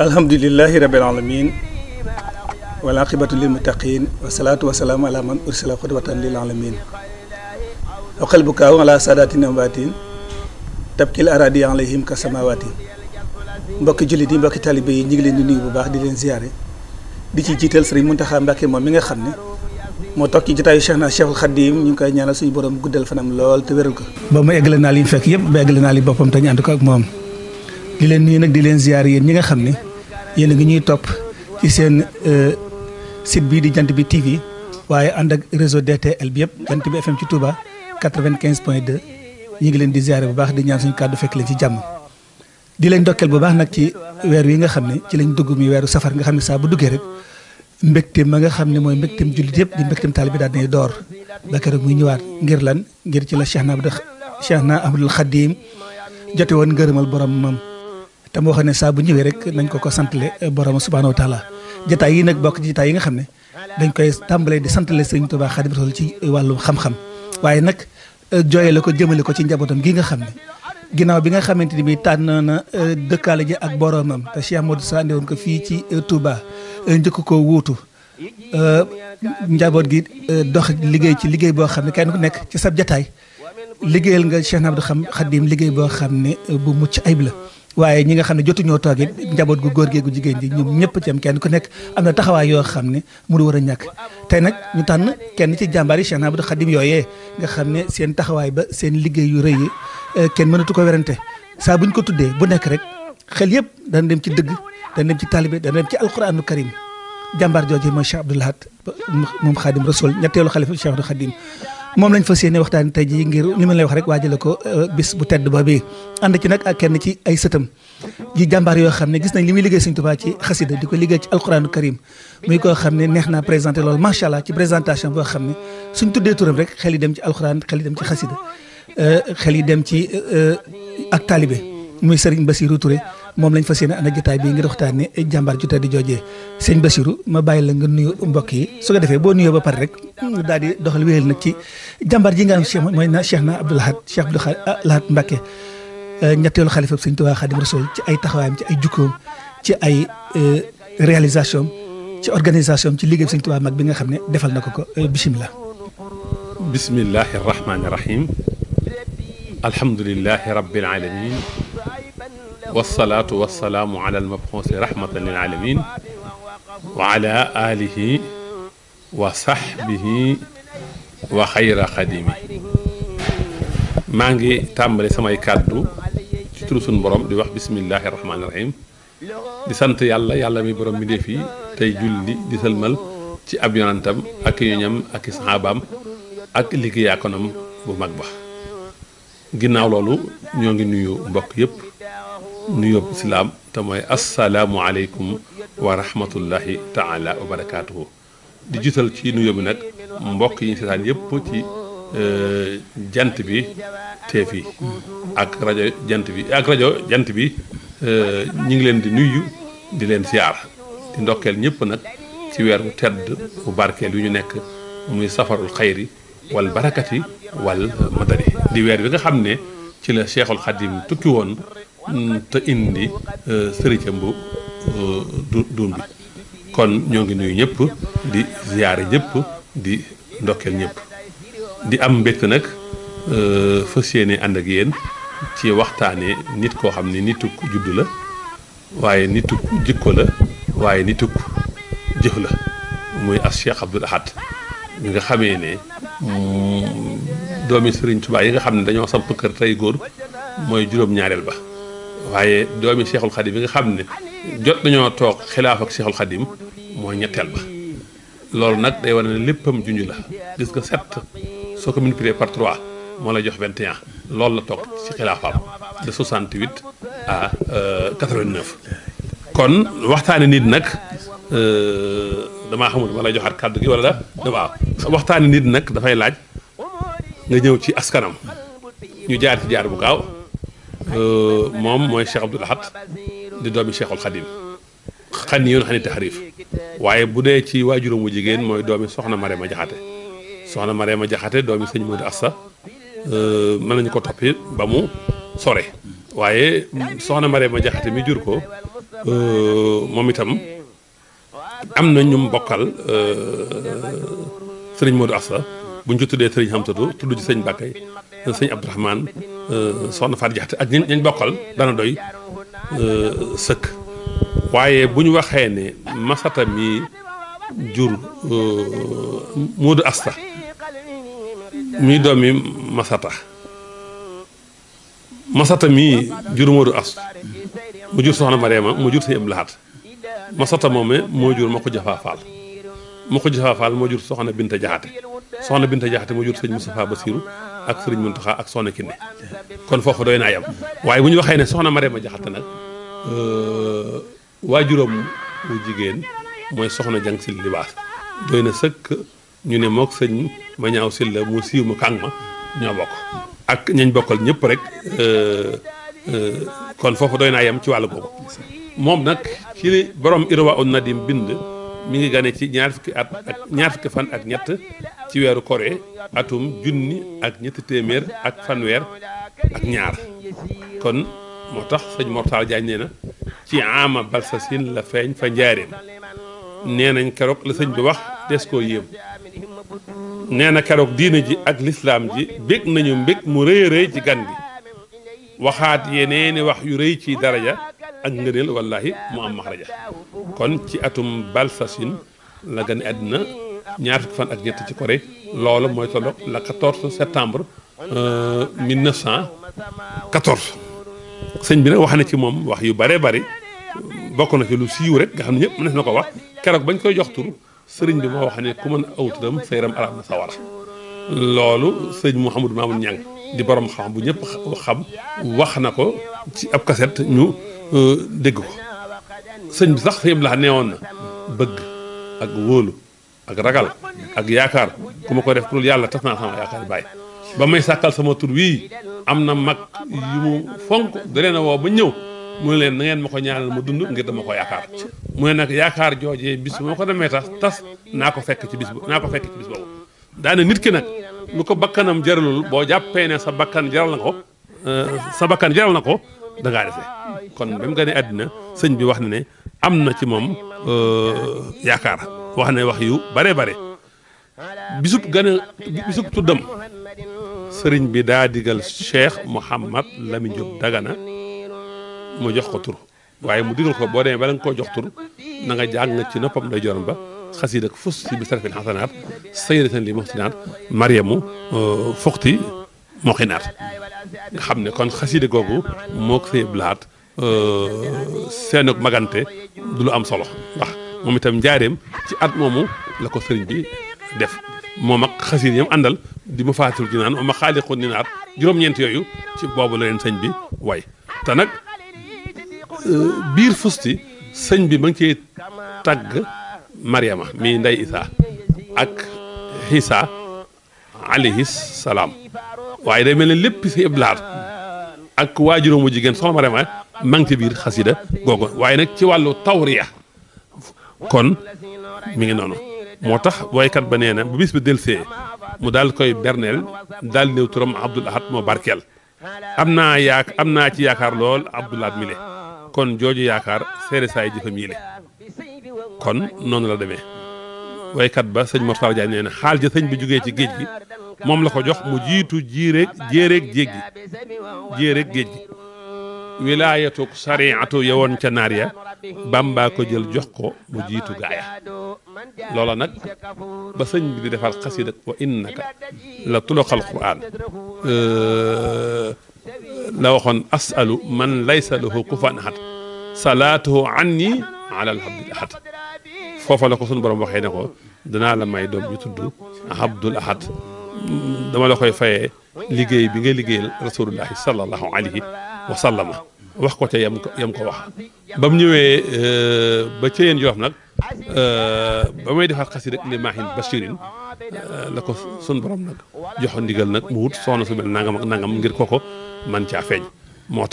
alhamdulillahi rabbil alamin Wa laqibatu lil mutaqin wa salatu wa salamu ala man ursila khudwatan lil alamin wa qalbuka ala sadatin ambatin tabkil aradi ka samawati Mbaki di bu di leen ziaré di ci jiital sëriñ Muntaxa Mbàkke moom mi nga xam ne moo toog ci jotaayu Khadim guddal fanam lol te wéral ko ba mu eggale naa li ba eggale naa li boppam nga yéen gi ñuy top ci seen euh site bi di jant bi TV waye and ak réseau DTL bi yëpp jant bi FM ci Touba 95.2 ñi ngi leen di ziaré bu baax di ñaan suñu cadeau fekk leen ci jamm di leen dokkel bu baax nak ci weer wi nga xamné ci lañ dugg mi weeru safar nga xamné sa bu duggé rek mbégteem ma nga xamné moy mooy julit jullit di mbégteem talibi daal dinay door ba ak muy ñëwaat ngir lan ngir ci la Cheikh na Abdou Cheikh na Abdoul Khadim jotté won ngeureumal borom mam te moo xam ne saa bu ñëwee rek nañ ko ko santale eh, borom subhaanahu wa taala jataay yi nag bokk ci jataay yi nga xam ne dañ koy tàmbalee di santale Sëriñ Tuubaa Xaadimu Rasuul ci wàllu xam-xam waaye nag eh, jooyale ko jëmale ko ci njabootam gi nga xam ne ginnaaw bi nga xamante ni bi tànn na eh, dëkkaale ji ak boromam te Cheikh woon ko fii ci Touba njëkk ko wuutu njaboot gi dox liggéey ci liggéey boo xam ne kenn ku nekk ci sab jataay liggéeyal nga Cheikh Abdou xam Xadim liggéey boo xam ne bu mucc ayib la waaye ñi nga xam ne jotuñoo toog njaboot gu góor gee gu jigéen ji ñoom ñëpp ci am kenn ku nekk am na taxawaay yoo xam ne mënu war a ñàkk tey nag ñu tànn kenn ci jàmbaar yi Cheikh Abdou Khadim yooyee nga xam ne seen taxawaay ba seen liggéey yu rëy yi eh, kenn mënatu ko werante saa ñu ko tuddee bu nekk rek xel yëpp dana dem ci dëgg dana dem ci talibe dana dem ci alquranu karim jàmbaar jooju mooy Cheikh Abdoul Ahad moom Khadim Rasoul ñetteelu xalifa Cheikh Abdou Khadim moom lañ fa yéene waxtaan tey jii ngir li ma lay wax rek waajale ko euh, bis bu tedd ba bii ànd ci nag ak kenn ci ay sëtam ji jàmbaar yoo xam ne gis nañ li muy liggéey Sëñ Tuubaa ci xasida di ko liggéey ci alquranu karim muy koo xam ne neex naa présenté lool macha allah ci présentation boo xam ne suñ tuddee turam rek xel yi dem ci alquran xel yi dem ci xasida euh, xel yi dem ci euh, ak taalibe muy Serigne Bassirou Touré moom lañ fas yéene ànd ak jotaay bii ngir waxtaanee jàmbaar ju tedd di joojee sëñ basiru ma bàyyi la nga nuyu mbokk yi su ko defee boo nuyoo ba pare rek daal di doxal nag ci jàmbaar ji nga am Cheikh mooy na Cheikh na Abdou Lahad Cheikh ah, Abdou Lahad Mbacké eh, ñetteelu xalifa sëñ Tuubaa Xaadim Rasuul ci ay taxawaayam ci ay jukkoom ci ay eh, réalisation ci organisation ci liggéey sëñ Tuubaa mag bi nga xam ne defal na ko ko eh, bisimilah. bismillahi rahmaani rahim alhamdulilahi rabbil alamin والصلاة والسلام على المبعوث رحمة للعالمين وعلى آله وصحبه وخير خديمه مانجي تامل سماي كادو تي تورو سون بسم الله الرحمن الرحيم دي سانت يالا يالا مي بروم مي ديفي تاي جولي دي سلمال تي اب يونانتام اك يونيام اك صحابام اك ليغي ياكونام بو ماك با غيناو لولو نيوغي نيو مبوك ييب nuyoo islaam te mooy asalaamualeykum wa rahmatullahi taala wa barakaatuhu di jiital ci nuyoo bi nag mbokk yi ñu seetaan yëpp ci jant bi teef yi ak rajo jant bi ak rajo jant bi ñu ngi leen di nuyu di leen siyaar di ndokkeel ñëpp nag ci weer wu tedd bu barkeel yu ñu nekk muy safarul xayri wal barakati wal madani di weer bi nga xam ne ci la cheikhul xadim tukki woon Mm, te indi euh, sëriñ bu euh, duun bi kon ñoo ngi nuyu ñëpp di ziyaare ñëpp di ndokkeel ñëpp di am mbégte nag euh, fas yéene ànd ak yéen ci waxtaane nit koo xam ne nituk juddu la waaye nituk jikko la waaye nituk jëf la muy as Cheikh Abdoul Ahad mi nga xamee ne mm, doomi Sëriñ Tuubaa yi nga xam ne dañoo samp kër tey góor mooy juróom-ñaareel ba waaye doomi seexul Khadim bi nga xam ne jot nañoo toog xilaaf ak Cheikhul Khadim mooy ñetteel ba loolu nag day wane ne léppam junj la gis nga sept soo ko multiplié par trois moo lay jox vingt et un loolu la toog ci xilaafaam de soixante huit a euh, quatre vingt neuf. kon waxtaane nit nag euh, damaa xamul ma lay joxaat kàddu gi wala waaw waxtaane nit nag dafay laaj nga ñëw ci askanam ñu jaar ci jaar bu gaaw. Euh, moom mooy Cheikh Abdoul Ahad di doomi Cheikhul Khadim xan yoon xani taxarif waaye bu dee ci waajuram wu jigéen mooy doomi soxna Marema Jaxate soxna Marema Jaxate doomi sëñ Modou Assa euh, mën nañu ko toppi ba mu sore waaye soxna Marema Jaxate mi jur ko euh, moom itam am na ñum bokkal sëriñ Modou Assa bu ñu ci tuddee sëriñ Hamsatu tudd ci sëñ Bakay سيدي عبد الرحمن سون فارجة أجن بقول سيدي دوي آه، سك واي بني وخيرنا سيدي ستمي جور آه، مود أستا مي سيدي ما ستا ما ستمي جور سيدي أستا مجور سوانا مريم مجور سيدي بلاد ما ستا مومي مجور سيدي جفافال مكو جفافال مجور سوانا سيدي جهات سوانا بنت جهات مجور سيدي سيدي سيدي سيدي سيدي سيدي سيدي سيدي سيدي مصطفى بصيرو ak sëriñ Muntaxa ak soxna Kine kon foofu doy naa yem waaye bu ñu waxee ne soxna Marema Jaxate nag euh, waajuram mu jigéen mooy soxna jang sil libaas doy na sëkk ñu ne mook sëñ ma ñaaw sil la mu siiw mu kàng ma ñoo bokk ak ñañ bokkal ñëpp rek euh, euh, kon foofu doy naa yem ci wàllu googu moom nag ci borom irwa un nadim bind mi ngi gane ci ñaar fukki at ak ñaar fukki fan ak ñett ci weeru kore atum junni ak ñett téeméer ak fanweer ak ñaar kon moo tax sëñ Mortaal Jaañ nee na ci ama balsasin la feeñ fa njaareem nee nañ keroog la sëñ bi wax des koo yéem nee na keroog diine ji ak lislaam ji bég nañu mbég mu rëy rëy ci gan gi waxaat yeneeni wax yu rëy ci daraja ak ngëneel wallahi mu am maxraja kon ci atum balsasin la gane àddina ñaar fukki fan ak ñett ci Corée loolu mooy tolloog la 14 septembre 1914 euh, sëñ bi ne wax na ci moom wax yu bare bari bokk na ci lu siiw rek nga xam ne ñëpp mënees na ko wax keroog bañ koy jox tur sëriñ bi moo wax ne ku mën aw turam sa yaram arab na sawara loolu sëñ Mouhamadou Mamoun Niang di borom xam bu ñëpp xam wax na ko ci ab kaset ñu Euh, dégg ko sëñ bi sax sëñ bi la woon na bëgg ak wóolu ak ragal ak yaakaar ku ma ko def pour yàlla tas naa sama yaakaar bàyyi ba may sàkkal sama tur wii am na mag yu mu fonk da leen a woo ba ñëw mu ne leen na ngeen ma ko ñaanal mu dund ngir dama ko yaakaar mu ne nag yaakaar joojee bis bu ma ko demee tas tas naa ko fekk ci bis boobu naa ko fekk ci bis boobu daane nit ki nag lu ko bakkanam jaralul boo jàppee ne sa bakkan jaral na ko euh, sa bakkan jaral na ko da ngaa kon ba mu gënee àddina sëñ bi wax na ne am na ci moom euh, yaakaar wax ne wax yu bare bare bisub gën a tuddam sëriñ bi daa digal Cheikh Mouhamad Lamine Diop Dagana mu jox ko tur waaye mu digal ko boo demee bala nga koo jox tur na nga jàng ci noppam day joram ba xasiid ak fus si bi sarfin xasanaat sayyidatan li muxsinaat Mariamu euh, Foxti Moxinaat xamne kon khasside gogou mok ko blat euh senok magante du lu am solo ndax moom itam njaareem ci at momu lako ko bi def mom ak khasside yam àndal di ma fatul ji nan ma khaliqun ninaar jurom ñent yoyu ci bobu la leen sëñ bi way ta nak bir fusti sëñ bi ma ngi tag mariama mi nday isa ak isaa alayhi salaam waaye day mel ne lépp si iblaat ak waajuróom bu jigéen soxna ma rema maa ngi ci biir xasida googu waaye nag ci wàllu tawriya kon mu ngi noonu moo tax woykat ba nee na bu bis bi delsee mu daal koy berneel daal néew turam Abdul moo barkeel am naa yaa am naa ci yaakaar lool Abdul Ahad kon jooju yaakaar seere saay jëfam yi kon noonu la demee woykat ba sëñ Mor Talla Diagne nee na xaal ja sëñ bi jógee ci géej gi mom la ko jox mu jitu jiireeg jéeréeg djegi gi djegi wilayatu sariatu yawon ca nariya bamba ko djel jox ko mu jitu gaaya lola nak ba sëñ bi di defal xasida wa innaka la tulaqal quraan la waxon asalu man laysa lahu kufan hat salaatuhu anni ala alhabdul hat fofa la ko sun borom waxe ne ko dana la may dom yu tuddu abdul ahad dama la koy fayee liggéey bi nga liggéeyal rasulullahi sallallahu alayhi wa sallama wax ko te yam ko yam ko wax ba mu ba ca yéen joof nag ba may defar xasida li maahin bashirin la ko sun borom nag joxo ndigal nag mu wut soxna su mel nangam ak nangam ngir koko man caa feeñ moo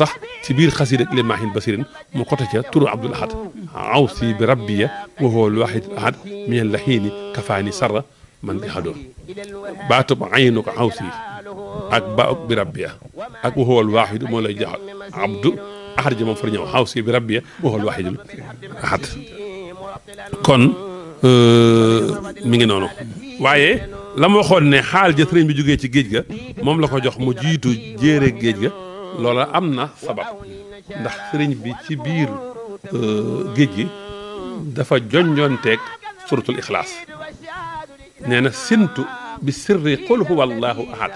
ci biir xasida li maahin basirin mu kote ca turu abdul ahad aw si bi rabbiya wa huwa al wahid ahad min al lahini kafani sarra من يهدون بعت بعينك عوسي أكبا بربيا أكو هو الواحد مولا عبد أحرج من فرنيا عوسي بربيا هو الواحد أحد كون آه، مين نونو واي لما خون نحال جثرين بيجوجي تيجيجا مملكة جح مجيد جير جيجا لولا أمنا سبب نحترين بي تي بير جيجي دفا جون جون تيك سورة الإخلاص نانا سنتو بسر قل هو الله احد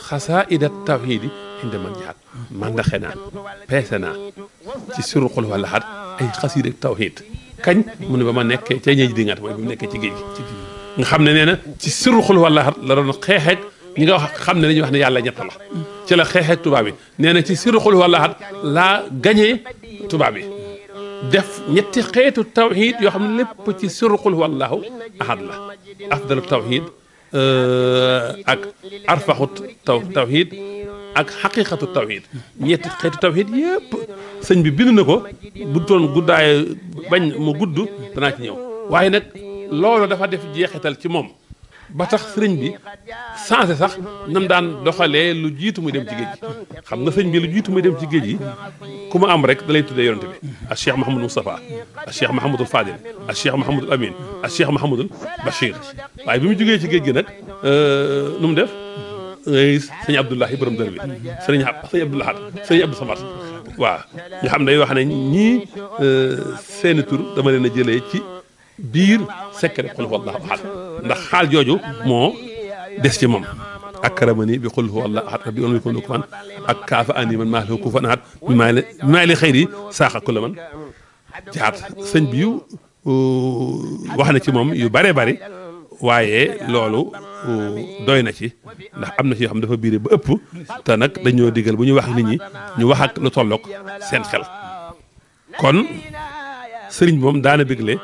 خسائد التوحيد عند من inda من دخنا بيسنا تسر قل هو الله احد اي خسائد التوحيد ay من بما نك تي ne ba ma nekkee ca ñëj di nga xam ne nee na ci sirru qul huwa ahad la doon xeexeeg ñi nga wax xam ne dañuy wax ne yàlla ñett la ci la xeexeeg tubaab bi nee na ci sirru qul huwa ahad laa gañee tubaab bi def ñetti xeetu tawhid yo xamne lépp ci sirru qul huwa ahad la afdal tawhid euh ak arfahu tawhid ak haqiqatu tawhid ñetti xeetu tawhid yëpp sëñ bi bind nako bu ton guddaay bañ mu gudd dana ci ñëw waye nak loolu dafa def jeexital ci mom ba tax sëriñ bi changé sax nam daan doxalee lu jiitu muy dem ci géej gi xam nga sëriñ bi lu jiitu muy dem ci géej gi ku ma am rek da lay tuddee yonante bi ak Cheikh Mahamadou Moustapha ak Cheikh Mahamadou Fadil ak Cheikh Mahamadou Amin ak Cheikh Mahamadou Bachir waaye bi mu jógee ci géej gi nag nu mu def sëñ Abdoulahi borom dër bi sëriñ sëñ Abdoul Ahad sëriñ Abdou Samad waaw nga xam day wax ne ñii seeni tur dama leen a jëlee ci biir secret xul wallahu ahad ndax xaal jooju moo des ci moom akramani bi qul huwa allah ahad rabbi an yakun kufuwan ak kaafa ani man mahlu lahu kufuwan ahad bi maa leen khayri maa leen man jaat sëñ bi yu wax na ci moom yu bare bare waaye loolu doy na ci ndax am na ci xam dafa biire ba ëpp te nag dañoo digal bu ñu wax nit ñi ñu wax ak lu tolloog seen xel kon sëriñ bi moom daana bigle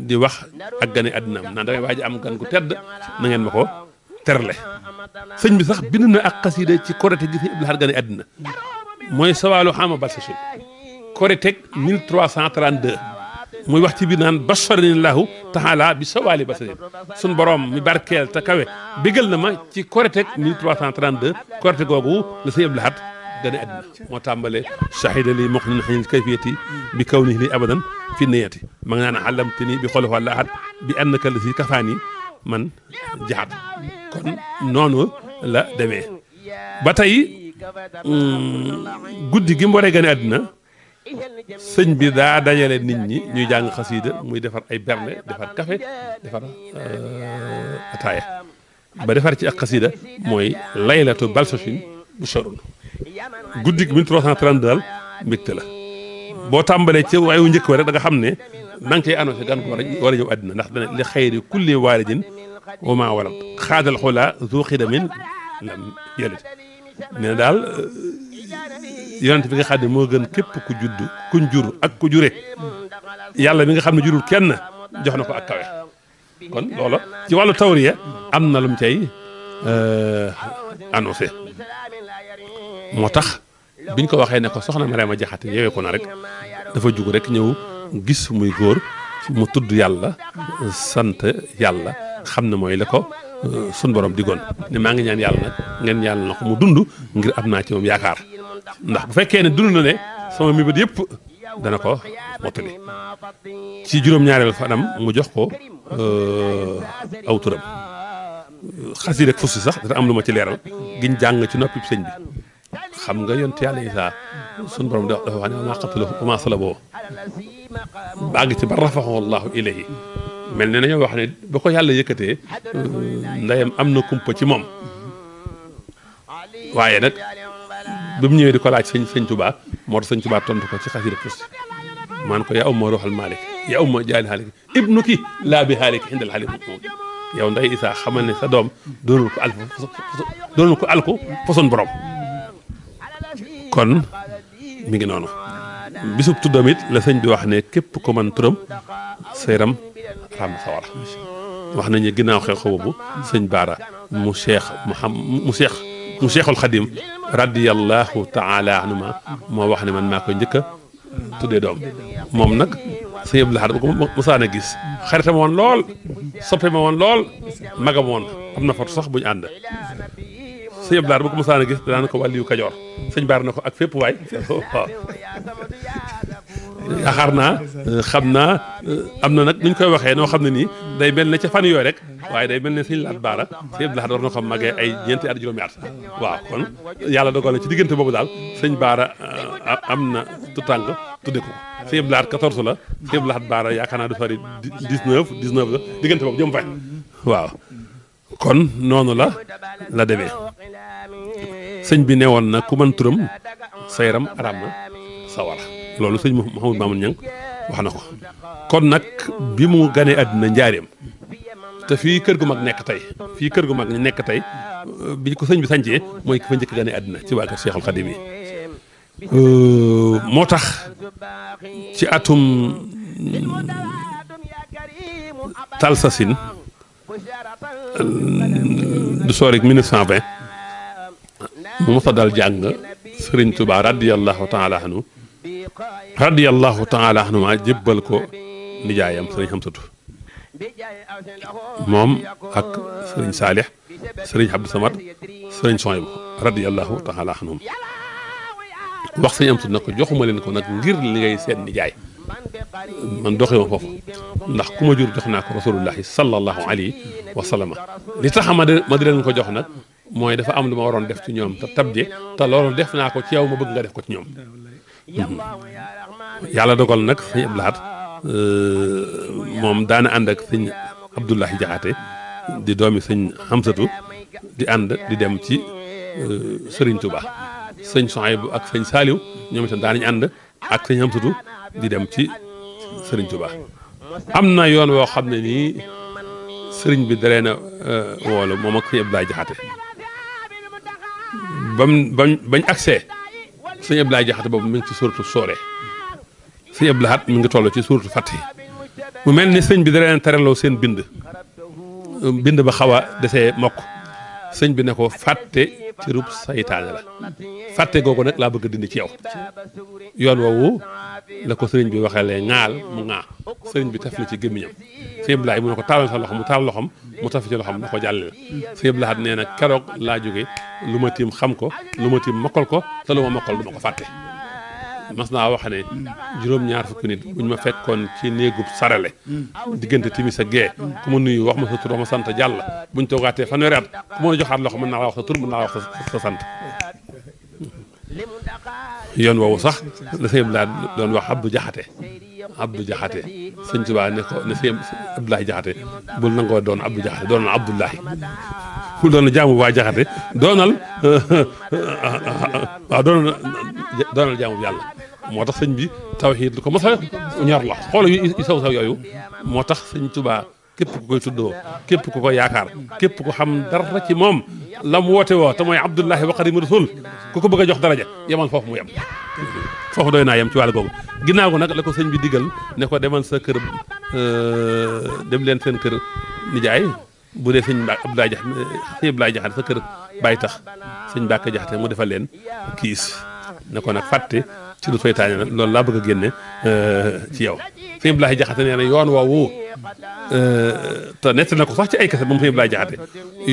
di wax ak gane àddinaam naan damay waaj am gan gu tedd na ngeen ma ko terle sëñ bi sax bind na ak xasida ci korite gi sëñ Abdul Ahad gane àddina mooy sawaalu xaama barsachin korite 1332 muy wax ci biir naan basharanillahu taala bi sawaali basarin sun borom mi barkeel te kawe bégal na ma ci korite 1332 korite googu la sëñ Abdul Ahad gane àddina moo tàmbalee shahida li muqnin xinil kayfiyati bi kawnihi li abadan fi niyati ma nga naan xalamte ni bi xolo wala ahad bi annaka la si kafaani man jaxat kon noonu la demee ba tey guddi gi mu waree gane àddina sëñ bi daa dajale nit ñi ñuy jàng xasiida muy defar ay berne defar café defar ataaya ba defar ci ak xasiida mooy laylatu balsachin بشارون جدك من تروح نتران دال بيتلا بوتام بنيتي وعيو نجك ورد دعا خمني نانك أنا في جانب والدي وأدنى نحن لخير كل والدين وما ولد خاد الحولة ذو خدم لم يلد من دال يانت في خاد موغن كيب كوجودو كنجور أك كوجوري يالله من خام نجور كأن جهنم فأكبر كن لولا جوالو تورية أمنا لم تي أنوسه moo tax biñ ko waxee ne ko soxna ma Jaxate yeewee ko na rek dafa jug rek ñëw gis muy góor mu tudd yàlla sant yàlla xam ne mooy la ko euh, sun borom digoon ne maa ngi ñaan yàlla nag ngeen yàlla na ko mu dund ngir am naa ci moom yaakaar ndax bu fekkee ne dund na ne sama mébét yépp dana ko mottali ci juróom-ñaareel fanam mu jox ko euh, awtura turam xas yi rek fussi sax dana am lu ma ci leeral giñ jàng ci noppi sëñ bi xam nga yonte yàlla isa sun borom da dafa wax ne ma qataluhu wa ma salabuhu bàgg ci ba rafahu allahu ilayhi mel ne nañoo wax ne ba ko yàlla yëkkatee ndeyam am na kumpa ci moom waaye nag bi mu ñëwee di ko laaj sëñ sëñ Tuba moo tax sëñ Tuba tontu ko ci xasida tuuti maan ko yaa umma ruuxal maalik yaa umma jaali haalik ibnu ki laa bi haalik indal haalik moom yow ndey isa xamal ne sa doom doonul ko alku doonul ko alku façon borom kon mi ngi nonu bisub tudamit la sëñ bi wax ne kep ko man turam seyram yaram ràmm sawara wax nañu ne ginnaaw xew xew sëñ bara mu cheikh muhammad mu cheikh mu cheikhul khadim radiyallahu taala anuma mo wax ne man mako koy njëkk dom mom nak moom nag sëñ Abdou Lahad bu ko mosaan a gis xarita ma woon lool soppe ma woon lool magam woon am na sax bu ànd sëñ Abdou Lahad bu ko mosaan a gis danaan ko wàlliyu Kajoor sëñ Baar na ko ak fépp waay waaw naa xam naa am na nag nuñ koy waxee noo xam ne nii day mel ne ca fan yooyu rek waaye day mel ne sëñ Laat Baara sëñ Abdou Lahad na ko màggee ay ñeenti at juróomi waaw kon yàlla dogal ci diggante boobu daal sëñ Baara am na tutànk tudde ko sëñ Abdou Lahad 14 la sëñ Abdou Lahad Baara yaakaar naa du fari 19 19 diggante boobu jëm fay waaw kon noonu la la demee sëñ bi woon na ku man turam sa yaram araam na sawara loolu sëñ Mouhamadou Mamoune Niang wax na ko kon nag bi mu ganee àddina njaareem te fii kër gu mag nekk tey fii kër gu mag nekk tey bi ko sëñ bi sañcee mooy ki fa njëkk ganee àddina ci waa kër Seexul Xadim yi moo tax ci atum talsasin du soorik 1920 mu mos a dal jàng Serigne Touba radiyallahu taala anhu radiyallahu taala anhu ma jébbal ko nijaayam Serigne Hamsatu moom ak Serigne Saalix Serigne Abdou Samad Serigne Soyim radiyallahu taala anhum wax Serigne Hamsatu na ko joxuma leen ko nag ngir li ngay seen nijaay. من دوخيما فوف ناخ كوما جور جخناك رسول الله صلى الله عليه وسلم لي تخا ما دي لنكو جخ نك موي دا فا ام لوما وارون ديف تي نيوم تا تابدي تا لولو ديف ناكو تي ياو ما بوغ نغا ديف كو تي نيوم يالا دوغال نك سي بلات موم دانا اندك سيغ عبد الله جاتي دي دومي سيغ حمزتو دي اند دي ديم تي سيرين توبا سيغ ساليو نيوم تا داني اند اك سيغ حمزتو di dem ci sëriñ Touba am na yoon woo xam ne nii sëriñ bi dalee na euh, woolu moom ak sëñ Abdoulaye Jaxate bam bañ bañ accès sëñ Abdoulaye Jaxate boobu mu ngi ci suuratu soore sëñ Abdoulaye mu ngi toll ci suuratu Fath mu mel ni sëñ bi dalee na tereloo seen bind bind ba xaw a desee mokk sëñ bi ne ko fàtte ci cërub saytaane la fàtte googu nag laa bëgg dindi ci yow yoon woowu la ko sëriñ bi waxee lee ŋaal mu ŋaa sëriñ bi taf na ci gémmiñam sëñ la mu ne ko taalal sa loxo mu taal loxam mu taf ci loxam na ko jàllale la Abdoulaye nee nag keroog laa jóge lu ma tiim xam ko lu ma tiim mokkal ko te lu ma mokkal du ko fàtte mas naa wax ne juróom-ñaar fukki nit buñ ma fekkoon ci néegub sarale diggante timis sa gee ku ma nuyu wax ma sa tur wax ma sant jàll buñ toogaatee fanweeri at ku ma joxaat loxo mën naa la wax sa tur mën naa la wax sa sant yoon woowu sax la sëñ Abdoulaye doon wax Abdou Jaxate Abdou Jaxate sëñ Tuubaa ne ko ne sëñ Abdoulaye Jaxate bul nangoo doon Abdou Jaxate doonal Abdoulaye ku doon jaamu waa Jaxate doonal waaw doonal doonal jaamu yàlla moo tax sëñ bi tawhiid lu ko mos a ñor la yu saw saw yooyu moo tax sëñ Tuubaa képp ku koy tuddoo képp ku ko yaakaar képp ku xam dara ci moom la mu woote woo te mooy Abdullahi wa Xaadimu Rasuul ku ko bëgg a jox daraja yemal foofu mu yem foofu doy naa yem ci wàll googu ginnaaw ko nag la ko sëñ bi digal ne ko demal sa kër euh, dem leen seen kër nijaay bu dee sëñ Abdoulaye Jax sëñ Abdoulaye Jaxate sa kër bàyyi tax sëñ Mbàkke Jaxate mu defal leen kiis ne ko nag fàtte ci lu fay taañe la loolu laa bëgg a génne ci yow sëñ Abdoulaye Jaxate nee na yoon woowu te nett na ko sax ci ay kese mu sëñ Abdoulaye Jaxate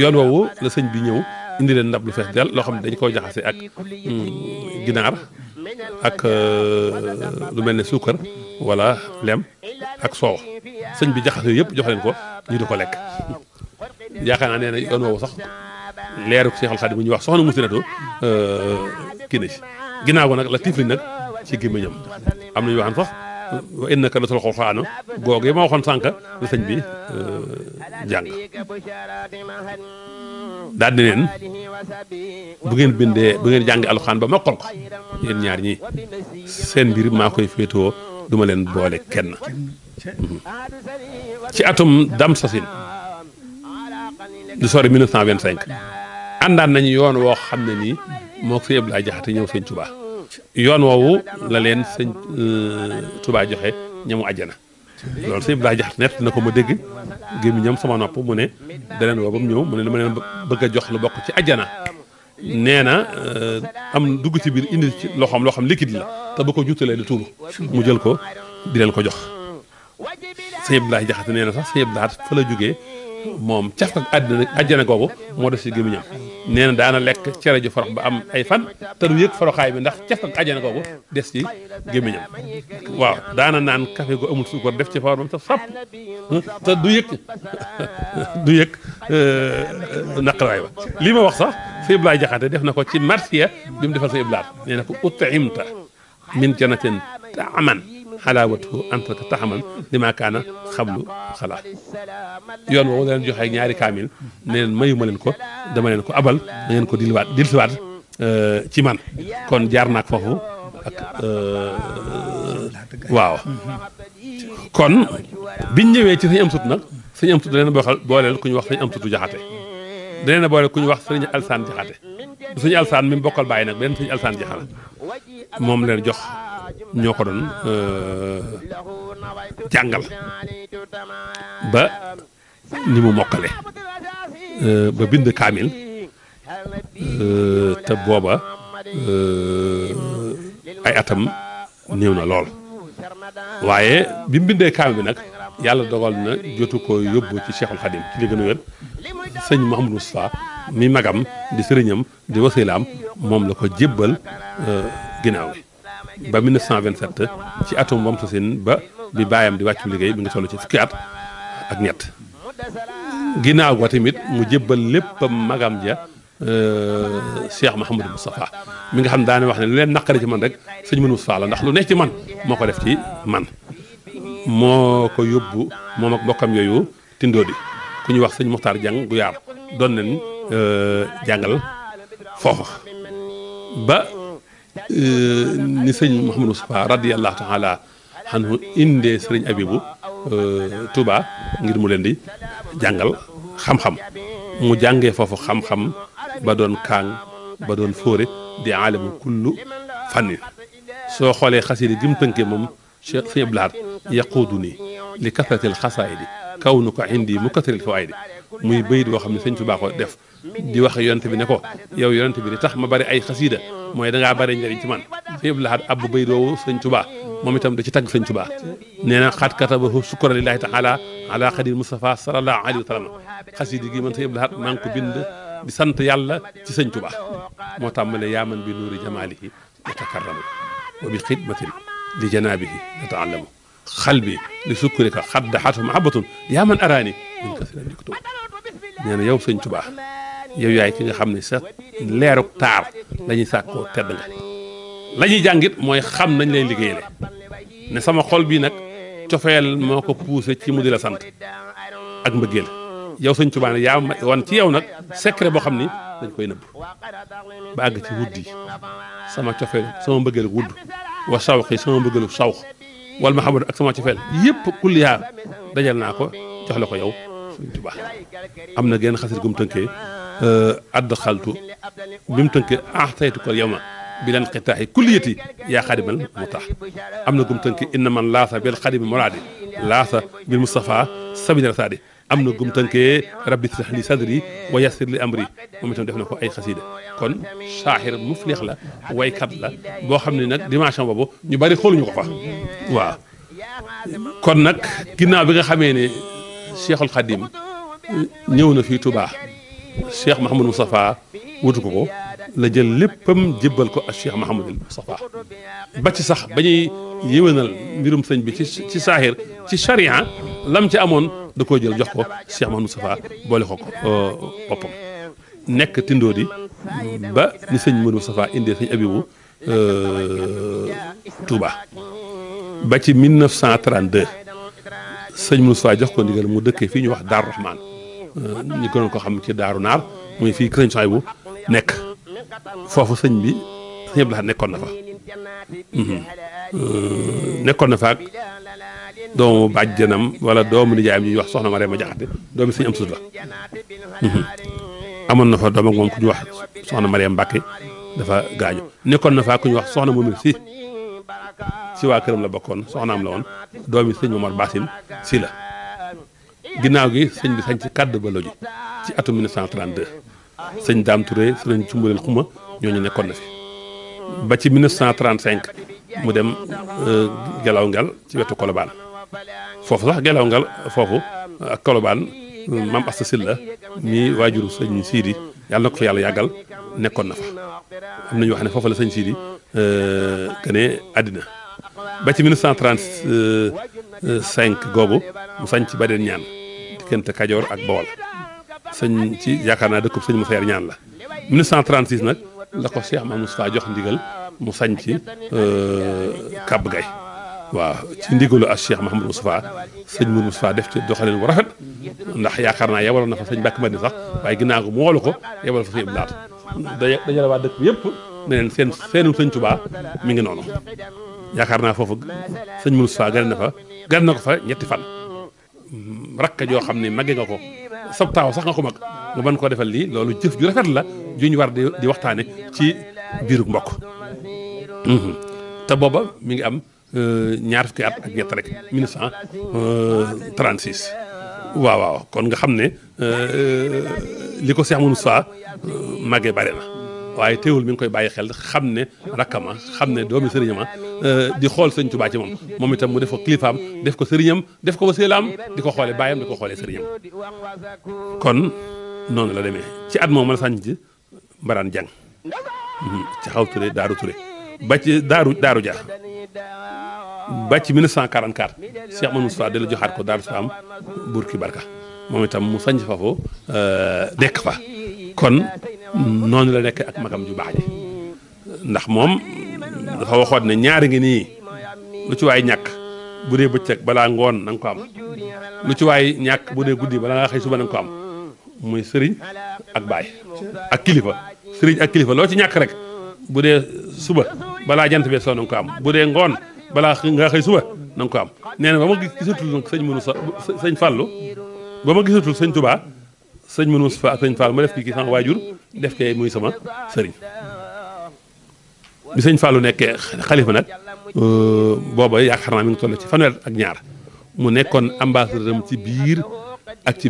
yoon woowu la sëñ bi ñëw indi leen ndab lu fees del loo xam ne dañ koo jaxase ak ginaar ak lu mel ne suukar wala lem ak soow sëñ bi jaxase yëpp jox leen ko ñu di ko lekk yaakaar naa nee na yoon woowu sax leeru Seexul Xaadim bu ñu wax soxna Musinatu kii na ci ginnaaw ko nag la tifli nag ci gémmiñam am nañu waxaan sax wa innaka la tulqal qur'aana googu yi ma waxoon sànq la sëñ bi euh, jàng daal di leen bu ngeen bindee bu ngeen jàng alxuraan ba mokkal ko yéen ñaar ñi seen mbir maa koy féetoo duma leen boole kenn mhm. ci atum dam sasin du sori 1925 àndaan nañu yoon woo xam ne nii moo ko sëñ Abdoulaye ñëw seen Touba yoon woowu la leen sëñ euh, Touba joxe ñamu àjjana loolu sëñ Abdoulaye Jaxate nett na ko ma dégg gémmiñam sama nopp mu ne da leen woo ba ñëw mu ne dama leen bëgg a jox lu bokk ci àjjana nee na euh, am dugg ci biir indi ci loxoom loo xam liquide la te bu ko juttalee di tuuru mu jël ko di leen ko jox sëñ Abdoulaye Jaxate nee na sax sëñ Abdoulaye fa la jógee moom caf ak àddina àjjana googu moo def si gémmiñam nee na daana lekk cere ju forox ba am ay fan te du yëg foroxaay bi ndax caf ak àjjana googu des ci gémmiñam waaw daana naan café gu amul suukar def ci fawar bam te sap te du yëg du yëg euh, naqaraay ba lii ma wax sax sa iblaay jaxante def na ko ci marsiya bi mu defal sa iblaat nee na ko utaimta min janatin taaman حلاوته أن تتحمل لما كان خبل خلا يوم وهو لن يحيي نياري كامل نين ما يملنكو دمالنكو أبل نينكو ديل بعد ديل بعد آه، تيمان كون جارنا كفهو آه، واو كون بيني ويتي سيم سوتنا سيم سوتنا نبغى خل بوالي كوني وقت سيم سوتو جهاته دلنا بوالي كوني وقت سيم ألسان جهاته سيم ألسان من بقول باينك بين سيم ألسان جهاته moom leen jox ñoo ko doon euh, jàngal ba ni mu mokkale euh, ba bind kaamil euh, te booba ay atam néew na lool waaye bi mu bindee kaamil bi nag yàlla dogal na jotu ko yóbbu ci Cheikhul Khadim ci li gën a wér sëñ Mouhamadou Moustapha mi magam di sëriñam di wasilaam moom la ko jébbal euh, ginnaaw bi ba 1927 ci atum bam sa sin ba bi bàyyam di wàccu liggéey bi nga toll ci fukki at ak ñett ginnaaw ba tamit mu jébbal léppam magam ja euh, Cheikh Mouhamadou Moustapha mu nga xam daane wax ne lu leen naqari ci man rek sëñ Mouhamadou Moustapha la ndax lu nekk ci man moo ko def ci man moo ko yóbbu moom ak mbokkam yooyu tindoo ku ñuy wax sëñ Muxtaar Jàng gu yaab doon nañ euh, jàngal foofa ba euh, ni sëñ Mouhamadou Moustapha radiyallahu taala anhu euh, ngir mu leen di jàngal xam-xam mu jàngee foofu xam-xam ba doon kaang ba doon fóore di aalamu kullu fanni soo xoolee xasida gi mu tënkee moom. في بلعر يقودني لكثرة الxasaayid kawnaka indi mukathir alfawaid muy bayit boo xam ne sëñ Tuubaa ko def di wax yonent bi ne ko yow yonent bi li tax ma bari ay xasiida mooy dangaa bari njëriñ ci man fi iblahat abbu bayit woowu sëñ Tuubaa moom itam da ci tagg sëñ Tuubaa nee na xaat katabahu sukran lillahi taala ala xadir Mustafa sallallahu alayhi wa sallam xasiida gi man fi iblahat maa ngi ko bind di sant yàlla ci sëñ Tuubaa moo tàmbalee yaaman bi nuuri jamaalihi wa takarramu wa bi xidmatin لجنابه يتعلمه قلبي لسكرك قد حته محبة يا من أراني من كثير يكتب نانا يوم سنتبع يو يا كيغا خامني سات ليرك تار لا ني ساكو تبل لا ني جانغيت موي خام نان لي ليغيلي ني سما خول بي نك تيوفال مكو بوسي تي مودي لا سانت اك مبغيل يو سنتبع يا وان تي يو نك سيكري بو خامني دنج كوي نيب باغ تي ودي سما تيوفال سما مبغيل وساوخي سما بغل ساوخ والمحمد اك سما تفال ييب كليها دجال نako جخ لاكو ياو سيرن توبا امنا ген خاسر گوم تنكي اد خالتو بيم تنكي احتيت كل يوم آه، بلا انقطاع كليتي يا خادم المطاح امنا گوم تنكي انما لاث بالخادم مرادي لاث بالمصطفى سبيل رسالي amna gum tanke rabbi ishrah li sadri wa yassir li amri momi itam def na ko ay khasida kon saaxir muflih la way kat la bo xamni nak dimanche bobu ñu bari xooluñu ko fa wa kon nak ginaaw bi nga xamé ni cheikhul khadim ñëw na fii Touba cheikh mahamoud mustafa wutu ko la jël léppam jibal ko cheikh mahamoud mustafa ba ci sax ba yéwénal mbirum sëñ bi ci sahir ci sharia lam ci amone da koo jël jox ko Cheikh Mouhamadou Moustapha boole ko euh, boppam nekk tindoo di ba ni sëñ Mouhamadou Moustapha indi sëñ Abibu euh, Touba ba ci 1932 sëñ Moustapha jox ko ndigal mu dëkkee fii ñu wax Daaru Rahmaan euh, ñu gënoon ko xam ci Daaru Naar muy fii kër sëñ bu nekk foofu sëñ bi sëñ Abdou Lahad nekkoon na fa mhm. nekkoon na doomu bàjjanam wala doomu nijaayam ñuy wax soxna ma rema jaxate doomi sëñ am sut la na fa doom ak ku ñu wax soxna Mariam Mbacke dafa gaañu nekkoon na faa ku ñu wax soxna moom si si waa këram la bokkoon soxna am la woon doomi sëñ Momar Bassine si la ginnaaw gi sëñ bi sañ ci kàddu ba loju ci atum 1932 sëñ Dame Touré sëñ Cumbaleel Xuma ñu nekkoon na fi ba ci 1935 mu dem Gelaw euh, Ngel ci wetu Colobane foofu sax gelaw ngal foofu ak kolobaan maam asta silla mii waajuru sëñ siidi yàlla na ko fa yàlla yàggal nekkoon na fa am nañu wax ne foofu la sëñ siidi euh, gane àddina ba ci 1935 euh, goobu mu sañ ci badeen ñaan diggante kajoor ak bawol sëñ ci yaakaar naa dëkkub sëñ Musaa Yar ñaan la 1936 nag la ko Cheikh Mamadou Moustapha jox ndigal mu sañ ci euh, kàbb gay waaw ci ndigalu ak Cheikh Mouhamadou Moustapha sëñ Mourou Moustapha def ci doxalin bu rafet ndax yaakaar naa yebaloon na fa sëñ Mbàkke Madina sax waaye ginnaaw ko moolu ko yebal fa sëñ Abdou Lahat dajale waa seenu sëñ Tuubaa mi ngi noonu yaakaar naa foofu sëñ Mourou Moustapha na fa gane na ko fa ñetti fan rakka joo xam ne magge nga ko sab taaw sax nga ko mag nga mën koo defal lii loolu jëf ju rafet la ñu war di waxtaane ci biiru mbokk mhm. te booba mi ngi am Euh, ñaar fukki at ak ñett rek 1936. waaw waaw kon nga xam ne euh, li ko Cheikh Moussa euh, màggee bare na waaye teewul mi ngi koy bàyyi xel xam ne rakkama xam ne doomi sëriñama di xool sëñ Tuubaa ci moom moom itam mu def ko kilifaam def ko sëriñam def ko wasiilaam di ko xoolee baayam di ko xoolee sëriñam kon noonu la demee ci at moom la sànni ci mbaraan jàng hmm, ci xaw Touré Daaru Touré. ba ci daaru daaru ja ba ci 1944 Cheikh Mouhamadou Moustapha di la joxaat ko Daaru Salaam ki Barka moom itam mu sanc foofu euh, nekk fa kon noonu la nekk ak magam ju baax ji ndax moom dafa waxoon ne ñaari ngi nii lu ci waay ñàkk bu dee bëccëg balaa ngoon na ko am lu ci waay ñàkk bu dee guddi balaa nga xëy suba na ko am muy sëriñ ak baay ak kilifa sëriñ ak kilifa loo ci ñàkk rek bu dee suba balaa jant bi soo na ko am bu dee ngoon balaa nga xëy suba na nga ko am nee na ba ma gisatul nag sëñ mënu sëñ fàllu ba ma gisatul sëñ tubaa sëñ mënu fa ak sëñ fàllu ma def ki ki sama waajur def kee muy sama sëriñ bi sëñ fàllu nekkee xalifa nag euh, booba yaakaar naa mi ngi toll ci fanweer ak ñaar mu nekkoon ambassadeur am ci biir ak ci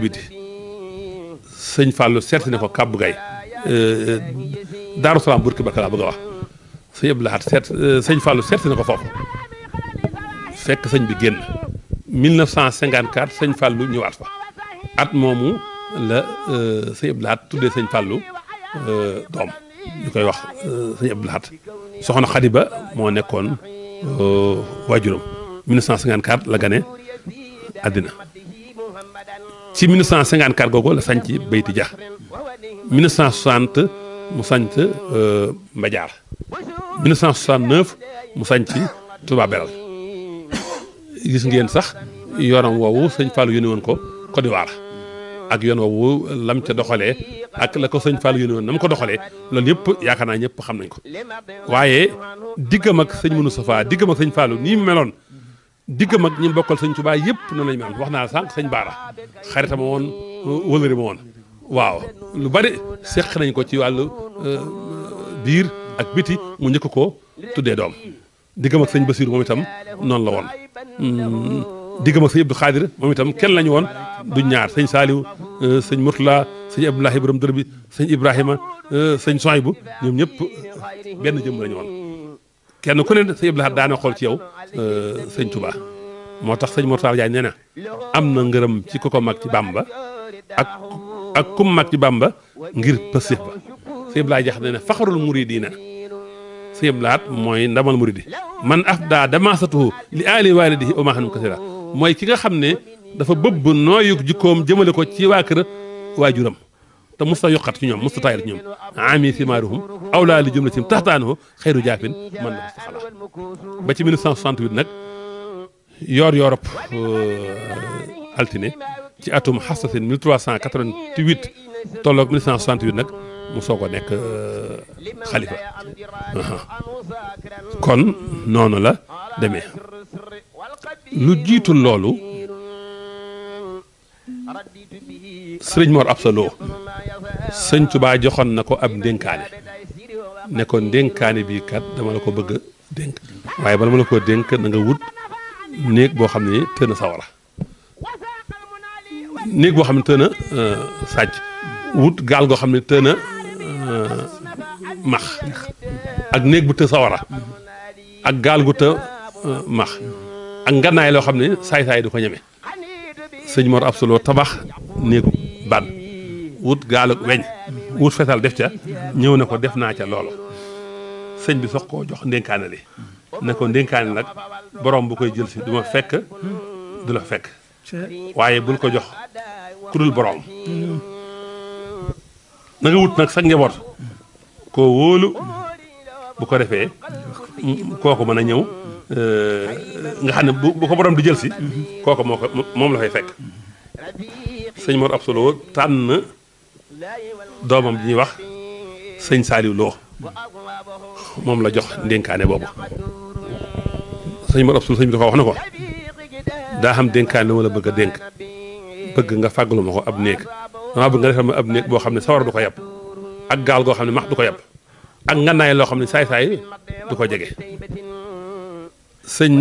sëñ fàllu seet ne ko kàbbu gay euh, daaru salaam burki barka laa bëgg a wax sëñ Abdou Lahad seet euh, sëñ Fallou seet si na ko foofu fekk sëñ bi génn 1954 sëñ Fallou ñëwaat fa at moomu la euh, sëñ Abdou Lahad tuddee sëñ Fallou euh, doom ñu koy wax sëñ Abdou Lahad soxna Xadiba moo nekkoon waajuram 1954 la gane àddina ci 1954 googu la sanc Bayti Dia mu sanc Mbajaar 1969 mu sañc Touba Belal gis ngeen sax yoonam woowu sëñ Fallou yónni woon ko Côte d'Ivoire ak yoon woowu lam ca doxalee ak la ko sëñ Fallou yónni woon na mu ko doxalee loolu yëpp yaakaar naa ñëpp xam nañ ko waaye diggam ak sëñ Moustapha diggam ak sëñ Fallou nii meloon diggam ak ñi bokkal sëñ Touba yëpp noonu lañu mel wax naa sànq sëñ Baara xaritama woon wëlëri ma woon waaw lu bari seq nañ ko ci wàllu euh, biir ak biti mu njëkk ko tuddee doom diggam ak sëñ Basiiru moom itam noonu la woon mm. diggam ak sëñ Xaadir moom itam kenn lañu woon du ñaar sëñ Saaliw euh, sëñ Murtala sëñ Abdoulahi Borom Dër bi sëñ Ibrahima euh, sëñ bu ñoom ñëpp benn jëmm lañu woon kenn ku ne sëñ Abdoulahi daana xool ci yow euh, sëñ Touba moo tax sëñ Murtala Jaay nee am na ngërëm ci ku ko mag ci Bàmba ak ak kum mag ci ba ngir pësif ba سيب لاي جاخ دينا فخر المريدين سيب لات موي ندمال مريدي من افدا دماسته لآل والده وما هنم كثيرا موي كيغا خامني دا فا بوب نويوك جيكوم جيمالي كو سي واكر واجورم تا مستا يوقات سي نيوم مستا تاير نيوم عامي ثمارهم اولى لجملتهم تحتانه خير جافن من لا با سي 1968 نك يور يوروب التيني سي اتوم حصص 1388 tolloog 1968 nag mu soog a nekk euh, xalifa kon noonu la demee lu jiitu loolu sëriñ Mor Absa Lo sëñ Tuubaa joxoon na ko ab ndénkaane ne ko ndénkaane bii kat dama la ko bëgg dénk waaye bala mu la ko dénk na wut néeg boo xam ne tën a sawara néeg boo xam ne tën a euh, sàcc wut gaal goo xam ne tën a euh, max ak néeg bu të sawara ak gaal gu të euh, max ak ngannaay loo xam ne saay-saay du ko ñeme sëñ Mor Absolo tabax néegu ban wut gaal ak weñ wut fetal def ca ñëw na ko def naa ca loolu sëñ bi sox koo jox ndénkaane li ne ko ndénkaane nag boroom bu koy jël si du fekk du la fekk waaye bul ko jox ku dul borom na wut nag sa njaboot koo wóolu bu ko defee kooku mën a ñëw eh, nga xam ne bu ko borom di jël si kooku moo moom la fay fekk sëñ Mor Absa Lo tànn doomam bi ñuy wax sëñ Saliou Lo moom la jox ndénkaane boobu sëñ Mor Absa Lo sëñ bi dafa wax na ko daa xam dénkaane lu ma la bëgg a dénk bëgg nga fàggalu ma ko ab néeg damaa bëgg nga defal ma ab néeg boo xam ne sawar du ko yàpp ak gaal goo xam ne max du ko yàpp ak ngannaay loo xam ne saay-saay du ko jege sëñ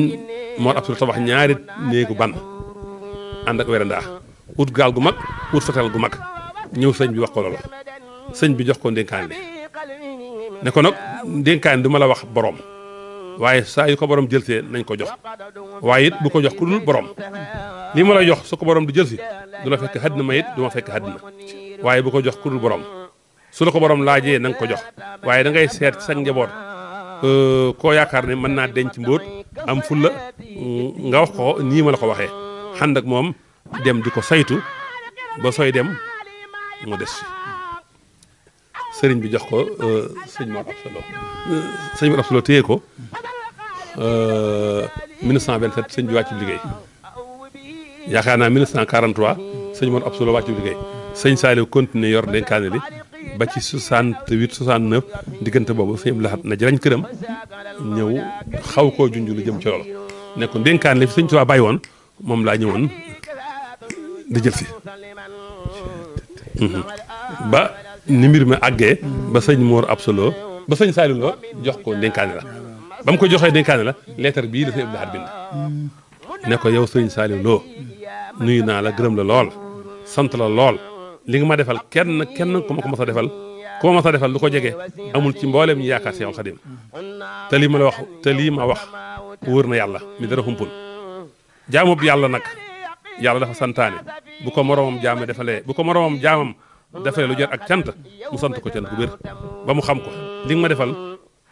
Mor Abdou tabax ñaari néegu ban ànd ak werandaa ut gaal gu mag ut fetal gu mag ñëw sëñ bi wax ko loola sëñ bi jox ko ndénkaan ne ko nag ndénkaan duma la wax boroom waaye saa yu ko borom jëlsee nañ ko jox waaye bu ko jox ku dul borom li ma la jox su ko borom di jëlsi du la fekk xadd na ma it du ma fekk xadd waaye bu ko jox ku dul borom su la ko borom laajee na nga ko jox waaye dangay seet sa njaboot euh, koo yaakaar ne mën naa denc mbóot am fulla mm, nga wax ko nii ma la ko waxee xànd ak moom dem di ko saytu boo sooy dem mu des. sëriñ bi jox ko euh, sëñ Mor Absa Lo sëñ Mor Absa Lo téye ko 1927 euh, sëñ bi wàccu liggéey yaakaar naa 1943 sëñ Mor Absa Lo wàccu liggéey sëñ Saliou continué yor dénkaane li ba ci 68 69 diggante boobu sëñ bi laxat na jërañ këram ñëw xaw koo junj lu jëm ci loolu nekkoon dénkaane li sëñ Tuubaa bàyyi woon moom laa ñëwoon di jël si mhm. ni mbir ma àggee ba sëñ Mor Absolo ba sëñ Saliou Lo jox ko dénkaane la ba mu ko joxee dénkaane la lettre bii la sëñ Abdou Lahad bind ne ko yow sëñ Saliou Lo nuyu naa la gërëm la lool sant la lool li nga ma defal kenn kenn ku ma ko mos a defal ku ma a defal lu ko jege amul ci mbooleem ñu yaakaar Seexul Xadim te lii ma la wax te lii ma wax wóor na yàlla mi dara xumpul jaamub yàlla nag yàlla dafa santaane bu ko moroomam jaame defalee bu ko moroomam dafay lu jar ak tant mu sant ko cant bu wér ba mu xam ko li nga ma defal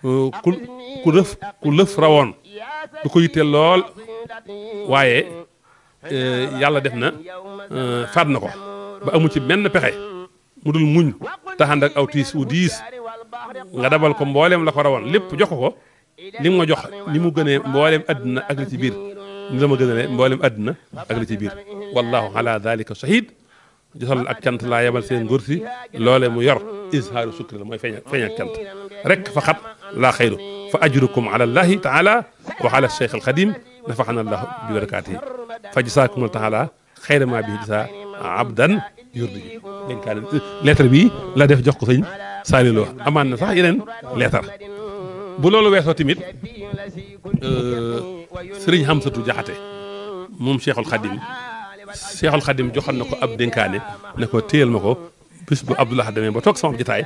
ku ku lëf ku leuf rawon du ko yitteel lol waye yàlla def na fat nako ba amu ci ben pexe mudul dul muñ taxand ak autis ou wu nga dabal ko mbollem la ko rawon lépp jox ko li nga ma jox ni mu gëne mbollem aduna ak li ci bir ni dama ma mbollem aduna ak li ci bir wallahu ala dalika shahid جسال الكنت لا يبل سين غرسي لولا ميور إظهار شكر لما يفني فني الكنت رك فقط لا خير فأجركم على الله تعالى وعلى الشيخ القديم نفعنا الله ببركاته فجزاكم الله تعالى خير ما به جزاء عبدا يرضي إن كان لتر بي لا دفع جو قصين سالي له أما أن صح إذن لتر بلولو ويسو تميل سرين همسة جاحته موم شيخ القديم Seexul Xadim joxoon na ko ab dénkaane ne ko téyal ma ko bis bu Abdou demee ba toog sama jotaay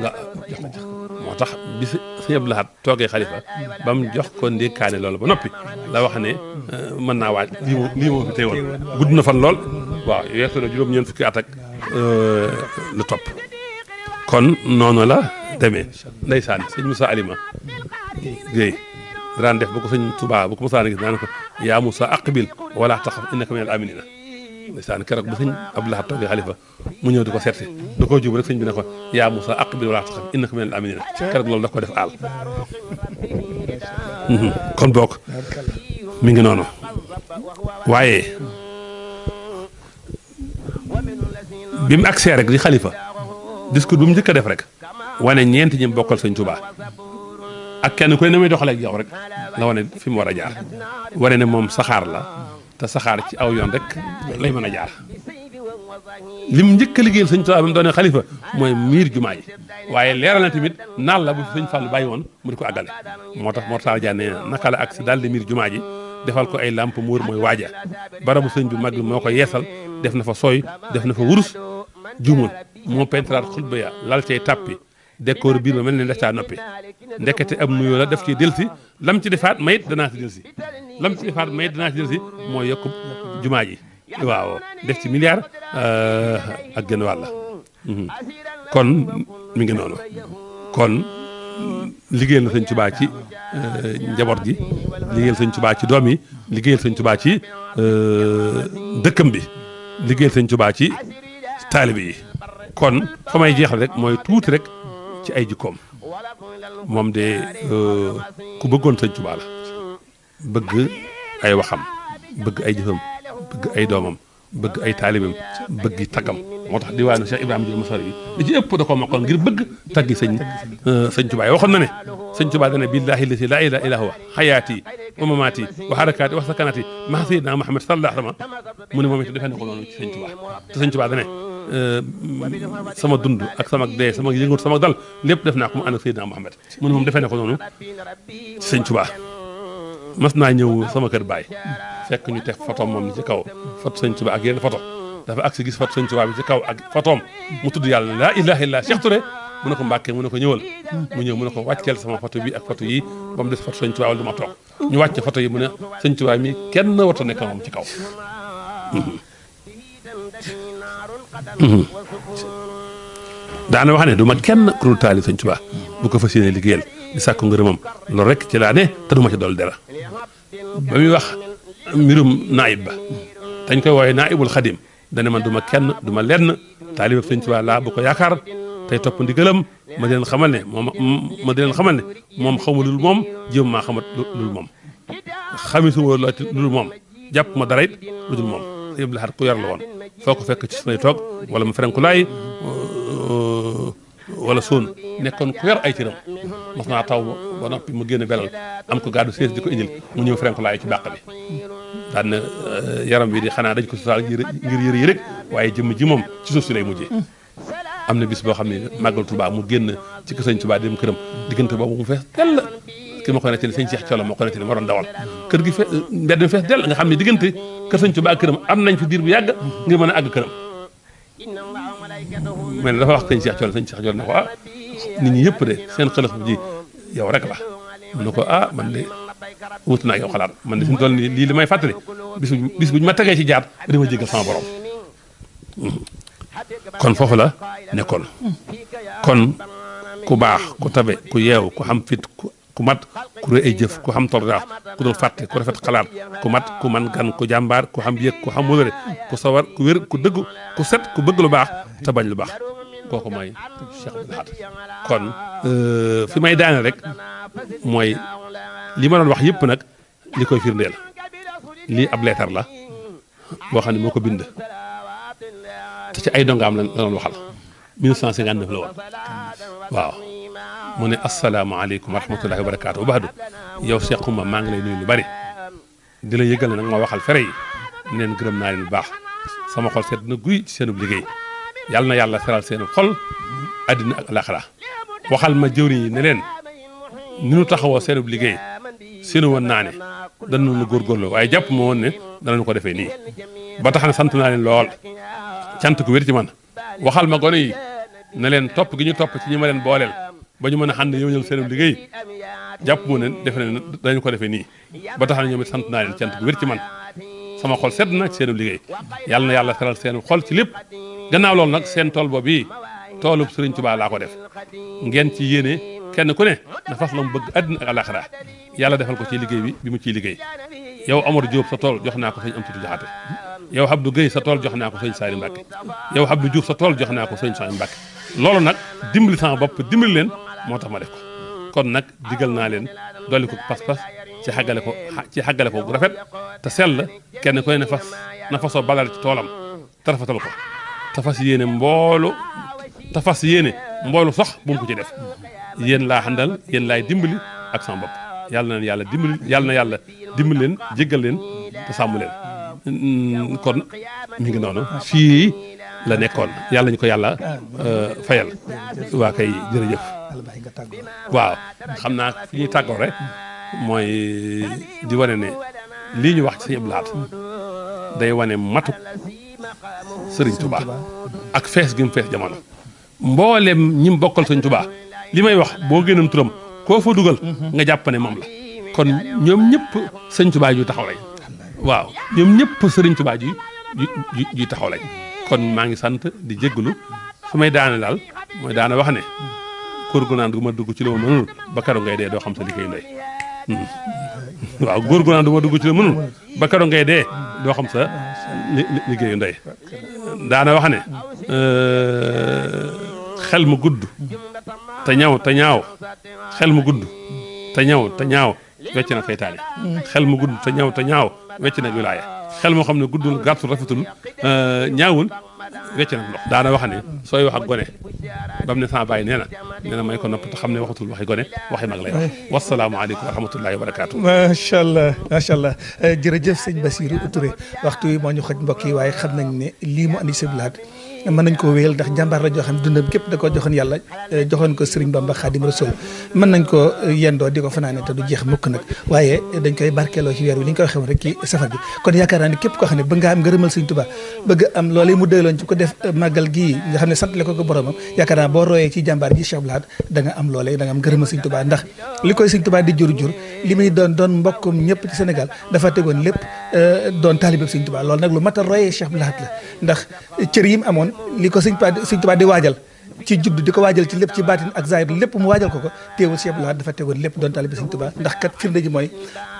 nga jox ma jox moo tax bi sëñ Abdou toogee xalifa ba mu jox ko ndénkaane loolu ba noppi la wax ne euh, mën naa waaj lii moo lii moo woon gudd na fan lool waaw weesu na juróom-ñeent fukki at ak euh, lu topp kon noonu la demee ndeysaan sëñ Moussa Alima Guèye daan def bu ko sëñ Tuubaa bu ko mosaan a gis naan ko yaa Moussa aqbil wala taxaf innaka minal aminina ndeysaan keroog ba sëñ Abdou Lahad toogee xalifa mu ñëw di ko seeti da koo jub rek sëñ bi ne ko yaa Moussa aqbil wala taxaf innaka minal aminina keroog loolu da ko def aal kon boog mi ngi noonu waaye bi mu agsee rek di xalifa discours bi mu njëkk a def rek wane ñeenti ñi bokkal sëñ Tuubaa أكن كل نمي دخل يا ورق لا وانا في مورا جار ورنا مم سخار لا تسخار أو يندك لي من جار لم جك اللي جيل سنتو أبم دوني خليفة ما يمير جماعي وعي ليرا نتيمت نال لابو سن فال بايون مركو أقل مرت مرت على جاني نكال أكسدال لمير جماعي دفعل كو أي لامب مور موي واجا برامو سن جو مغل موكو يسل دفنا فصوي دفنا فورس جمون مو بنترار خلبيا لالتي تابي décor biir ma mel ni ndax caa noppi ndekete am nuyoo la def ci delsi lam ci defaat mayit danaa ci delsi lam ci defaat mayit danaa ci delsi mooy yokk jumaa ji waaw def ci milliard euh, ak genn wàll mhm. kon mi ngi noonu kon liggéeyal na sëñ ci euh, njaboot gi liggéeyal sëñ Tuubaa ci doom yi liggéeyal sëñ Tuubaa ci euh, dëkkam bi liggéeyal sëñ Tuubaa ci taalibe yi kon fa may jeexal rek mooy tuuti rek ci ay jikkoom moom de ku bëggoon sëñ Tuubaa la bëgg ay waxam bëgg ay jëfam bëgg ay doomam bëgg ay taalibam bëgg taggam moo tax diwaanu Cheikh Ibrahima Diop Masar bi li ci ëpp da koo mokkal ngir bëgg taggi sëñ sëñ Tuubaa yi waxoon na ne sëñ Tuubaa dana billaahi lasi laa ilaaha huwa xayaati wa mamaati wa harakaati wa sakanaati maa Muhammad sallallaahu alayhi wa sallam mu ne ko noonu ci sëñ Tuubaa te sëñ Tuubaa dana Euh, sama dund ak sama dee sama yëngatu sama dal lépp def naa ko mu ànd ak Seydina Muhammad mu ne moom defee na ko noonu sëñ Tuubaa mas naa ñëw sama kër baay fekk ñu teg photo moom ci kaw photo sëñ Tuubaa ak yenn photo dafa si gis photo sëñ Tuubaa bi ci kaw ak photoom mu tudd yàlla ne laa ilaaha illallaa Cheikh Touré mun ne ko mbàkkee mu ne ko ñëwal mu ñëw mu ne ko wàcceel sama photo bi ak photo yi ba mu des photo sëñ Tuubaa wala du ma toog ñu wàcce foto yi mu ne sëñ Tuubaa kenn warta nekk moom ci kaw daana wax ne du ma kenn ku dul taali sëñ Tuubaa bu ko fas yéene liggéeyal di sàkku ngërëmam loolu rek ci laa ne te du ma ci dool dara ba muy wax mbirum naayib ba dañ koy woowee naayibul xadim dana man du ma kenn du ma lenn taaliba sëñ Tuubaa laa bu ko yaakaar tey topp ndigalam ma di leen xamal ne moom ma di leen xamal ne moom xamul lul moom jéem maa xamat lul moom xamisuma lul moom jàpp ma dara it lu dul moom yëpp laxat ku yar la woon foo ko fekk ci suñuy toog wala mu ferenku laay euh, wala suun nekkoon ku yor ay cëram mos naa taw ba noppi mu génn belal am ko gàddu sees di ko indil mu ñëw ferenku laay ci bàq bi daan euh, yaram bi di xanaa dañ ko sutaal ngir yëre yi rek waaye jëmm ji moom ci suuf si lay mujjee am na bis boo xam ne màggal Tuubaa mu génn ci ko sëñ Tuubaa dem këram diggante boobu mu fees tell ki ma koy nettali sëñ Cheikh Thiolo moo koy nettali ma doon dawal kër gi fe mbedd mi fees dell nga xam ne diggante kër sëñ Touba ak am nañ fi diir bu yàgg ngir mën ne dafa wax sëñ Cheikh Thiolo sëñ Cheikh ko ah nit yëpp seen xelaf ji yow rek la mu ne ko ah man de wut naa yow xalaat man de fi mu toll nii lii li may fàttali bis bu bis bu ñu ma tegee ci jaar dama jéggal sama borom kon foofu la nekkoon kon ku baax ku tabe ku yeew ku xam fit Kumat mat ku kuham ay jëf ku xam toleraaf ku dul fatte ku rafet xalaat ku mat ku man gan ku jambar ku xam yek ku xam wóllare ku sawar ku wér ku deug ku set ku bëgg lu baax ta bañ lu baax may Cheikh kon euh, fi may daane rek moy li ma don wax nak li koy firndeel lii ab leetar la bo xam moko bind te ci ay dongam la don waxal 1959 la waaw mu ne asalaamaaleykum wa rahmatullahi wa barakaatu baadu yow Cheikh Oumar maa ngi lay nuyu lu bari di la yëgal nag ma waxal fere yi neen gërëm naa leen bu baax sama xol seet na guy ci seenub liggéey yàlla na yàlla seral seen xol àddina ak alaxira waxal ma jëwriñ yi ne leen ni nu taxawoo seenub liggéey seenu woon naa ne danañu góorgóorloo waaye jàpp ma woon ne danañu ko defee nii ba tax na sant naa leen lool cant gu wér ci man waxal ma gone yi ne leen topp gi ñu topp ci ñi ma leen booleel ba ñu mën a ànd yow ñoom seen liggéey jàpp mu defe ne dañu ko defee nii ba tax na ñoom it sant naa leen cant gu wér ci man sama xol sedd na ak seen liggéey yàlla na yàlla seral seen xol ci lépp gannaaw loolu nag seen tool boobu yi toolub Sëriñ Tuubaa laa ko def ngeen ci yéene kenn ku ne na fas la mu bëgg àddina ak àllaaxira yàlla defal ko ci liggéey bi bi mu ciy liggéey yow Amar Diop sa tool jox naa ko sëñ Amsatu Jaxate yow Abdou Guèye sa tool jox naa ko sëñ Saali Mbàkke yow Abdou Diouf sa tool jox naa ko sëñ Soñ Mbàkke loolu nag dimbali sama moo tax ma def ko kon nag digal naa leen dolli ko pas-pas ci xàggale ko ci xàggale ko bu rafet te sell kenn koy ne fas na fasoo bagal ci toolam te rafetal ko te fas yéene mboolu te fas yéene mboolu sax bu mu ko ci def yéen laa xandal yéen laay dimbali ak sama bopp yàlla na yàlla dimbali yàlla na yàlla dimbali leen jéggal leen te sàmm leen mm, kon mi ngi noonu fii la nekkoon yàlla ñu ko yàlla euh, fayal waa kay jërëjëf waaw xam naa fi ñuy tàggoo rek mooy di wane ne lii ñu wax ci Sëñ Laat day wane matuk Sëriñ Tuba ak fees gi mu fees jamono mboolem ñi mu bokkal Sëñ Tuba li may wax boo génnoon turam koo fa dugal mhm. nga jàpp ne moom la kon ñoom ñëpp Sëñ Tuba ju taxaw lañ ñëpp Sëriñ Tuba ji taxaw lañ kon maa ngi sant di jégalu su may daane daal mooy daana wax ne mhm. kóor gu naan du ma dugg ci la hmm. ma mënul ngay dee doo xam sa li koy ndey waaw dugg ci ngay dee xam sa liggéeyu ndey daana wax ne euh, xel mu gudd te ñaw te ñaaw xel mu gudd te ñaw te ñaaw wecc xel ma gudd ta ñaw ta ñaaw wecc na wilaaya xel moo xam ne guddul gàttul rafetul euh, ويتنا نروح دعنا وحنا سوي واحد قنة بمن ثان باي نينا نينا ما يكون نبت خمنا وقت الواحد قنة واحد مغلي والسلام عليكم ورحمة الله وبركاته ما شاء الله ما شاء الله mën nañ koo wéyal ndax jàmbaar la joo xam ne da ko joxoon yàlla eh, joxoon ko Serigne Bamba Khadim Rasoul mën nañ ko eh, yendoo di ko fanaane te du jeex mukk nag waaye eh, dañ xam ne bëgg nga am ngërëmal Serigne Touba bëgg am loolee mu dëgloon ci ko def màggal gii nga xam la ko ko boromam yaakaar naa boo royee ci da nga am da nga am ngërëmal Serigne Touba ndax li koy Serigne Touba di jur jur li doon doon mbokkum ñëpp ci Sénégal a la ndax cër yi amoon li ko sëñ Tuubaa di waajal ci judd diko wadjal ci lepp ci batine ak zahir lepp mu wadjal ko ko teewul Cheikh Abdoulaye dafa teewul lepp don talib seigne Touba ndax kat firnde ji moy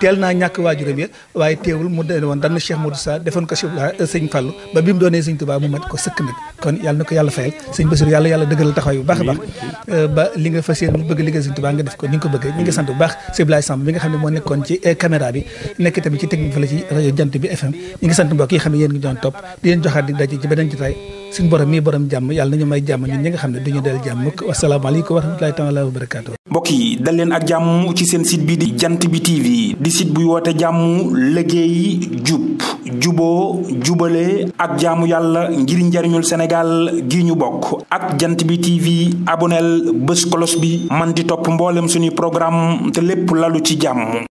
telna ñak ñàkk waajuram ya, waye teewul mu doon won dan Cheikh Modou Sa defon ko Cheikh Abdoulaye seigne fallu ba bi mu seigne Touba mu mat ko sëkk nag kon yalla nako yalla fayal seigne basir yalla yalla deugal taxaw yu baax a baax ba li nga fas mu bëgg liggéey seigne Touba nga def ko ni nga ko bëggee ni nga sant bu baax Cheikh Abdoulaye sam bi nga xamne mo nekkon ci eh, caméra bi nek tam ci technique fa la ci radio jant bi FM ni nga sant mbokk yi xamne yeen yéen ngi doon di len joxat di daje ci ci tay suñu borom mi borom jamm yalla nañu may jamm ñun ñi nga xam xam ne del jàmm mukk wasalaamaaleykum wa rahmatulahi taala mbokk yi dal leen ak jàmm ci seen site bi di jant bi TV di site buy woote jàmm liggéey jub juboo jubale ak jaamu yàlla ngir njariñul Sénégal gi ñu bokk ak jant bi TV aboneel bés kolos bi man di topp mboolem suñuy programme te lépp lalu ci jàmm